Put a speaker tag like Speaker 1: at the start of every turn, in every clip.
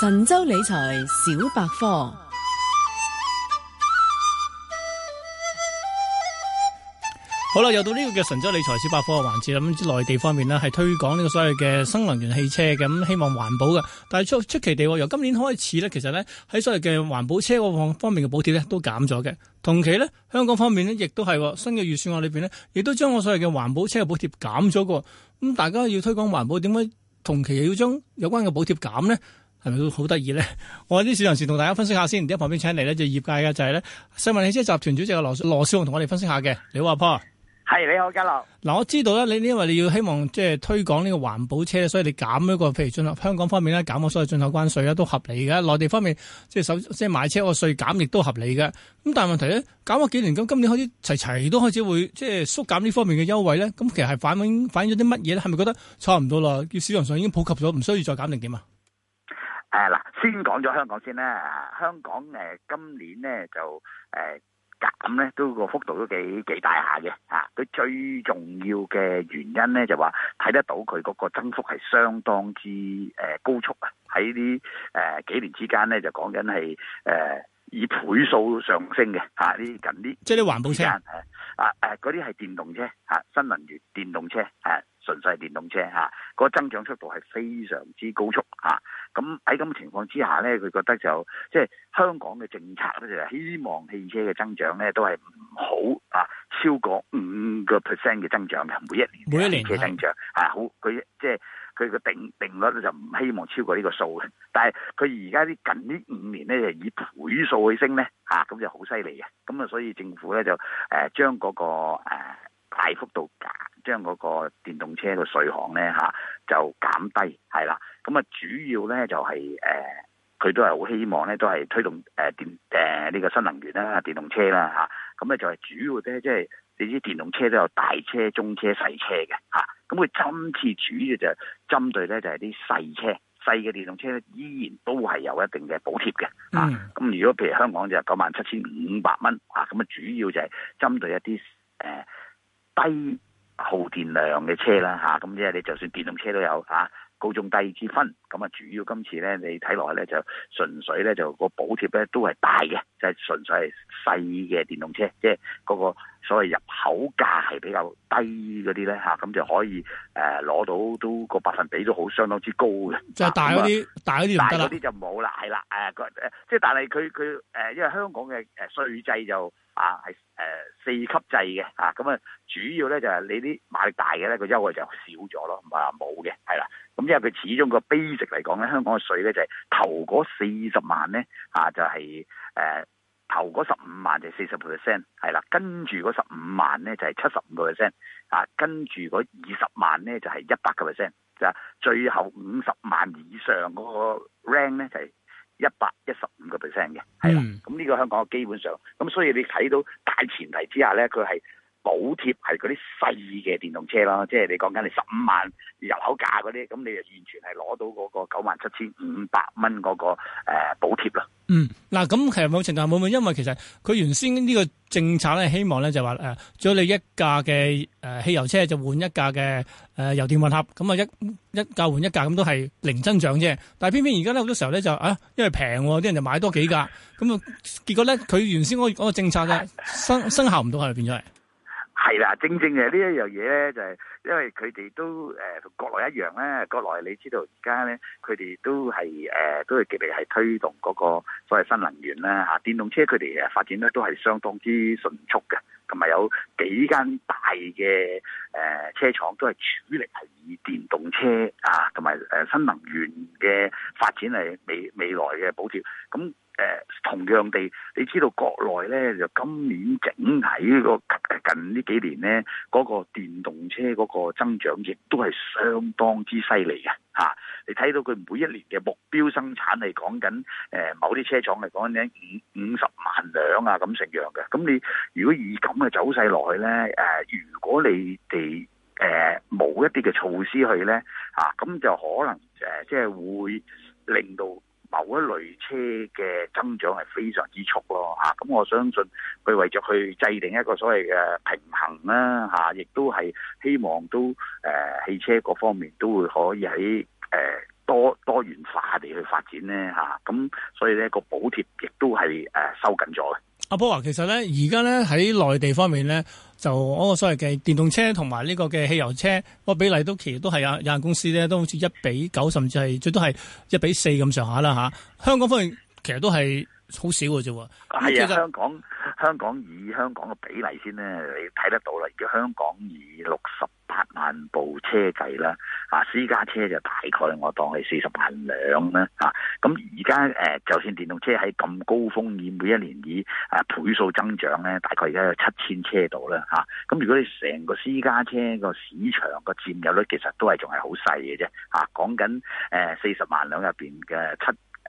Speaker 1: 神州理財小百科，好啦，又到呢個嘅神州理財小百科嘅環節啦。咁內地方面呢，係推廣呢個所謂嘅新能源汽車嘅，咁希望環保嘅。但係出出奇地、哦，由今年開始呢，其實呢，喺所謂嘅環保車方面嘅補貼呢都減咗嘅。同期呢，香港方面呢，亦都係、哦、新嘅預算案裏邊呢，亦都將我所謂嘅環保車嘅補貼減咗㗎。咁大家要推廣環保，點解同期又要將有關嘅補貼減呢？係咪都好得意咧？我喺啲市場時同大家分析下先。而家旁邊請嚟，呢就是、業界嘅就係、是、咧，新聞汽車集團主席嘅羅羅少雄同我哋分析下嘅。你好阿、啊、婆，係你好嘉樂嗱。我知道咧，你因為你要希望即係推廣呢個環保車，所以你減呢、這個，譬如進口香港方面咧減咗，所以進口關稅咧都合理嘅。內地方面即係首即係買車個稅減亦都合理嘅。咁但係問題咧減咗幾年，咁今年開始齊齊都開始會即係縮減呢方面嘅優惠咧，咁其實係反映反映咗啲乜嘢咧？係咪覺得差唔多啦？叫市場上已經普及咗，唔需要再減定點啊？
Speaker 2: 誒嗱，先講咗香港先啦。誒，香港誒今年咧就誒減咧，都個幅度都幾幾大下嘅嚇。佢最重要嘅原因咧就話睇得到佢嗰個增幅係相當之誒高速啊！喺呢誒幾年之間咧就講緊係誒以倍數上升嘅嚇。呢近啲即係啲環保車，啊誒嗰啲係電動車嚇，新能源電動車誒。純世電動車嚇，啊嗰個增長速度係非常之高速嚇。咁喺咁情況之下咧，佢覺得就即係、就係、香港嘅政策咧就希望汽車嘅增長咧都係唔好啊超過五個 percent 嘅增長嘅每一年
Speaker 1: 每一年嘅增
Speaker 2: 長嚇、啊、好佢即係佢個定定率咧就唔希望超過呢個數嘅。但係佢而家啲近呢五年咧就以倍數去升咧嚇，咁就好犀利嘅。咁啊，就所以政府咧就誒、啊、將嗰、嗰個、啊大幅度減將嗰個電動車嘅稅項咧嚇就減低係啦，咁、嗯、啊主要咧就係誒佢都係好希望咧都係推動誒電誒呢個新能源啦、啊、電動車啦嚇，咁、啊、咧、嗯、就係、是、主要咧即係你知電動車都有大車、中車、細車嘅嚇，咁佢今次主要就針對咧就係啲細車細嘅電動車咧依然都係有一定嘅補貼嘅，咁如果譬如香港就九萬七千五百蚊啊，咁啊主要就係針對一啲誒。呃低耗電量嘅車啦，吓咁即係你就算電動車都有吓，高、啊、中低之分，咁啊主要今次咧你睇落去咧就純粹咧就個補貼咧都係大嘅，就係純、就是、粹係細嘅電動車，即係嗰個。所謂入口價係比較低嗰啲咧嚇，咁就可以誒攞、呃、到都個百分比都好相當之高嘅。就大啲、啊嗯，大嗰啲大啲就冇啦，係啦誒，即係但係佢佢誒，因為香港嘅誒稅制就啊係誒、呃、四級制嘅啊，咁啊主要咧就係你啲馬力大嘅咧，個優惠就少咗咯，唔係話冇嘅，係啦。咁因為佢始終個 basic 嚟講咧，香港嘅稅咧就係、是、頭嗰四十萬咧啊，就係、是、誒。啊頭嗰十五萬就係四十個 percent，係啦，跟住嗰十五萬咧就係七十五個 percent，啊，跟住嗰二十萬咧就係一百個 percent，就係、最後五十萬以上嗰 range 咧就係一百一十五個 percent 嘅，係啦、嗯，咁呢、嗯呢個香港基本上，咁所以你睇到大前提之下咧，佢係。補貼係嗰啲細嘅電動車咯，即係你講緊你十五萬入口價嗰啲，咁你就完全係攞到嗰個九萬七千五百蚊嗰個誒、呃、補貼啦。嗯，
Speaker 1: 嗱，咁其實某程度上會唔會因為其實佢原先呢個政策咧，希望咧就話、是、誒，將、啊、你一架嘅誒、呃、汽油車就換一架嘅誒、呃、油電混合咁啊，一一架換一架咁都係零增長啫。但係偏偏而家咧好多時候咧就啊，因為平啲、啊、人就買多幾架咁啊，結果咧佢原先嗰個政策嘅生生，生效唔到，係咪變咗嚟？
Speaker 2: 係啦，正正嘅呢、就是呃、一樣嘢咧，就係因為佢哋都誒同國內一樣咧，國內你知道而家咧，佢哋都係誒、呃、都係極力係推動嗰個所謂新能源啦嚇、啊，電動車佢哋誒發展咧都係相當之迅速嘅，同埋有幾間大嘅誒、呃、車廠都係主力係以電動車啊，同埋誒新能源嘅發展係未未來嘅補貼咁。嗯誒同樣地，你知道國內咧就今年整體呢個近呢幾年咧，嗰個電動車嗰個增長亦都係相當之犀利嘅嚇。你睇到佢每一年嘅目標生產係講緊誒某啲車廠嚟講咧五五十萬輛啊咁成樣嘅。咁你如果以咁嘅走勢落去咧，誒如果你哋誒冇一啲嘅措施去咧嚇，咁就可能誒即係會令到。某一類車嘅增長係非常之速咯嚇，咁、啊、我相信佢為咗去制定一個所謂嘅平衡啦嚇，亦都係希望都誒、啊、汽車各方面都會可以喺誒、啊、多多元化地去發展咧嚇，咁、啊啊、所以咧個補貼亦都係誒收緊咗嘅。
Speaker 1: 阿波話、啊，其實咧，而家咧喺內地方面咧，就嗰、嗰個所謂嘅電動車同埋呢個嘅汽油車個比例都其實都係有有限公司咧，都好似一比九，甚至係最多係一比四咁上下啦吓。香港方面其實都係好少嘅啫。係啊，其實，
Speaker 2: 香港香港以香港嘅比例先咧，你睇得到啦。而家香港以六十八萬部車計啦。啊，私家車就大概我當係四十萬輛啦、啊，啊，咁而家誒，就算電動車喺咁高峰，每一年以啊,啊倍數增長咧，大概而家有七千車度啦，吓、啊，咁、啊、如果你成個私家車個市場個占有率，其實都係仲係好細嘅啫，吓、啊，講緊誒四十萬輛入邊嘅七。誒，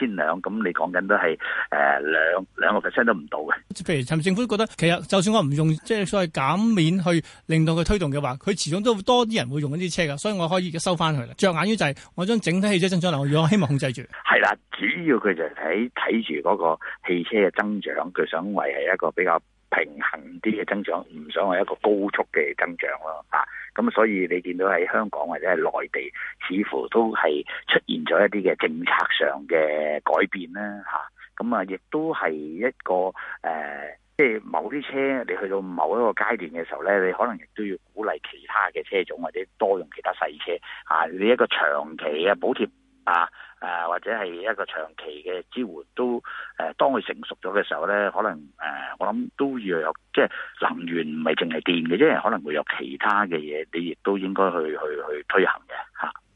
Speaker 2: 七千兩咁，你講緊都係誒兩兩個 percent 都唔到
Speaker 1: 嘅。譬如，甚至政府都覺得，其實就算我唔用即係所謂減免去令到佢推動嘅話，佢始終都多啲人會用嗰啲車㗎，所以我可以收翻佢啦。着眼於就係、是，我將整體汽車增長量，我希望控制住。
Speaker 2: 係啦，主要佢就係睇住嗰個汽車嘅增長，佢想維繫一個比較平衡啲嘅增長，唔想係一個高速嘅增長咯，啊。咁所以你見到喺香港或者係內地，似乎都係出現咗一啲嘅政策上嘅改變啦，吓，咁啊，亦、啊啊、都係一個誒、呃、即係某啲車，你去到某一個階段嘅時候咧，你可能亦都要鼓勵其他嘅車種或者多用其他細車嚇、啊！你一個長期嘅補貼。啊，誒，或者係一個長期嘅支援，都誒、啊、當佢成熟咗嘅時候咧，可能誒、啊、我諗都要有，即、就是、能源唔係淨係電嘅啫，可能會有其他嘅嘢，你亦都應該去去去推行嘅。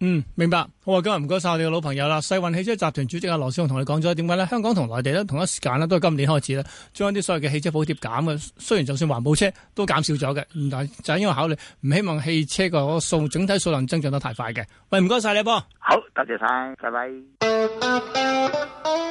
Speaker 1: 嗯，明白。好啊，今日唔該晒我哋嘅老朋友啦。世運汽車集團主席阿羅少雄同你講咗點解咧？香港同內地咧同一時間咧都係今年開始咧將啲所有嘅汽車補貼減啊，雖然就算環保車都減少咗嘅，但就係因為考慮唔希望汽車個數整體數量增長得太快嘅。喂，唔該晒你啊噃。
Speaker 2: 好，多謝晒，拜拜。拜拜。